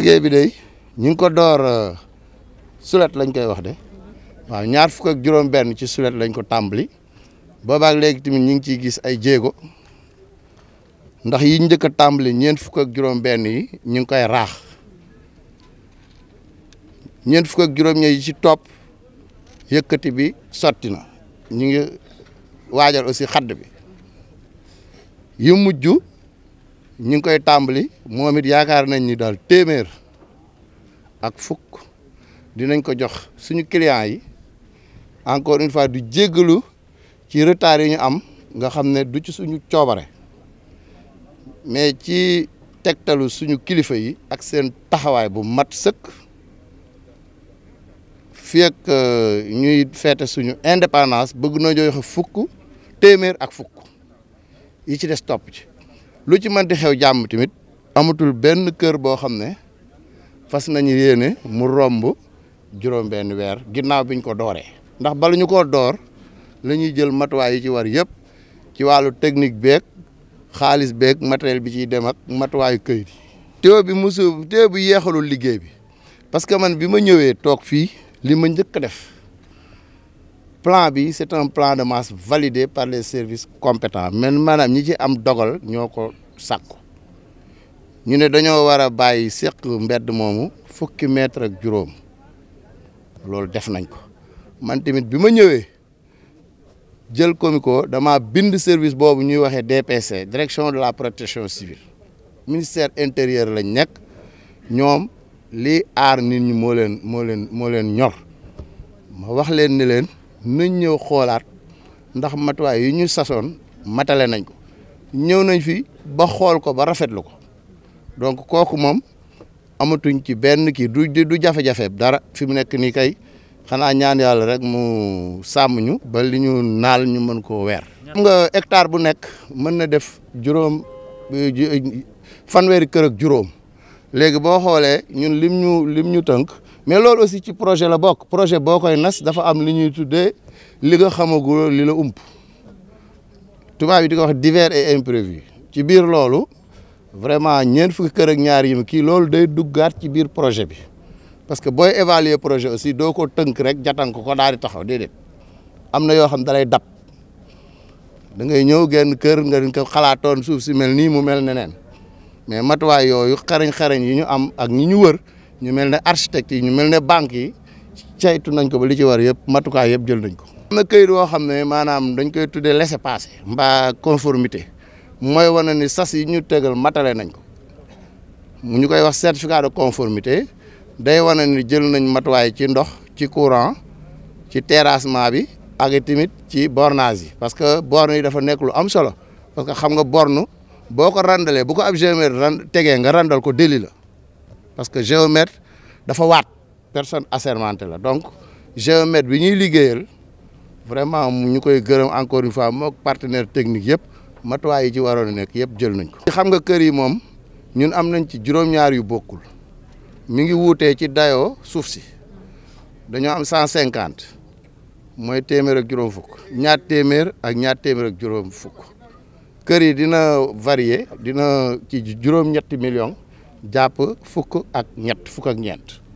liggéey bi day ñu ngi ko door euh, sulet lañ koy wax de waaw ñaar fukk juróom-benn ci sulet lañ ko tàmbali boobaak léegi tamit ñu ngi ciy gis ay jéego ndax yi njëkk a tàmbali ñeent fukk juróom-benn yi ñu ngi koy raax ñeent fukk juróom yi ci topp yëkkati bi sotti na ñu ngi waajal aussi xadd bi yu mujj ñu ngi koy tàmbali moom it yaakaar nañ ni daal téeméer. ak fukk dinañ ko jox suñu clients yi encore une fois du jéggalu ci retard yi ñu am nga xam ne du ci suñu coobare mais ci tegtalu suñu kilifa yi ak seen taxawaay bu mat sëkk fii ak euh, ñuy feete suñu indépendance bëgg na joxe fukk téeméer ak fukk yi ci des topp ci lu ci mën di xew jàmm tamit amatul benn kër boo xam ne fas nañu yéene mu romb juróom-benn weer ginnaaw biñ ko dooree ndax bala ñu ko door la ñuy jël matuwaay yi ci war yëpp ci wàllu technique beeg xaalis beeg matériel bi ciy dem ak matuwaayu këyit yi. teew bi mosu teew bi yeexalul liggéey bi parce que man bi ma ñëwee toog fii lii ma njëkk a def. plan bi c'est un plan de masse validé par les services compétent mais maanaam ñi ci am dogal ñoo ko sàkku ñu ne dañoo war a bàyyi seq mbedd moomu fukki mètre ak juróom loolu def nañ ko man tamit bi ma ñëwee jël comico dama bind service boobu ñuy waxee DPC direction de la protection civile ministère intérieur lañ nekk ñoom lii aar nit ñi moo leen moo leen ñor ma wax leen ne leen nañ ñëw xoolaat ndax matuwaay yi ñu sasoon matale nañ ko ñëw nañ fi ba xool ko ba rafetlu ko donc kooku moom amatuñ ci benn kii du du jafe-jafe dara fi mu nekk nii kay xanaa ñaan yàlla rek mu sàmm ñu ba li ñu naal ñu mën koo weer. xam nga hectare bu nekk mën na def juróom fanweeri kër ak juróom léegi boo xoolee ñun lim ñu lim ñu tënk mais loolu aussi ci projet la bokk projet boo koy nas dafa am li ñuy tuddee li nga xamagul li la ump tubaab yi di ko wax divers et imprévu ci biir loolu. vraiment ñeen fukki kër ak ñaar yi kii loolu day duggaat ci biir projet bi parce que booy évaluer projet aussi doo ko tënk rek jatan ko ko daal di taxaw déedéet am na yoo xam da lay dab da ngay ñëw genn kër nga ko xalaatoon suuf si mel nii mu mel ne neen mais matuwaay yooyu xarañ-xarañ yi ñu am ak ñi ñu wër ñu mel ne architecte yi ñu mel ne banque yi caytu nañ ko ba li ci war yëpp matukaay yëpp jël nañ ko. am na këyit woo xam ne maanaam dañ koy tuddee laissez mbaa conformité. mooy wane ni sas yi ñu tegal matale nañ ko ñu koy wax certificat de conformité day wane ni jël nañ matuwaay ci ndox ci courant ci terrassement bi ak tamit ci bornage yi parce que borne yi dafa nekk lu am solo parce que xam nga borne boo ko randalee bu ko ab géomètre tegee nga randal ko déli la parce que géomètre dafa waat personne assermente la donc géomètre bi ñuy liggéeyal vraiment ñu koy gërëm encore une fois mook partenaire technique yëpp matuwaay yi ci waroon nekk yëpp jël nañ ko. xam nga kër yi moom ñun am nañ ci juróom-ñaar yu bokkul mi ngi wuutee ci dayo suuf si dañoo am cent cinquante mooy téeméer ak juróom fukk ñaar téeméer ak ñaar téeméer ak juróom fukk kër yi dina varier dina ci juróom-ñetti million jàpp fukk ak ñett fukk ak ñeent.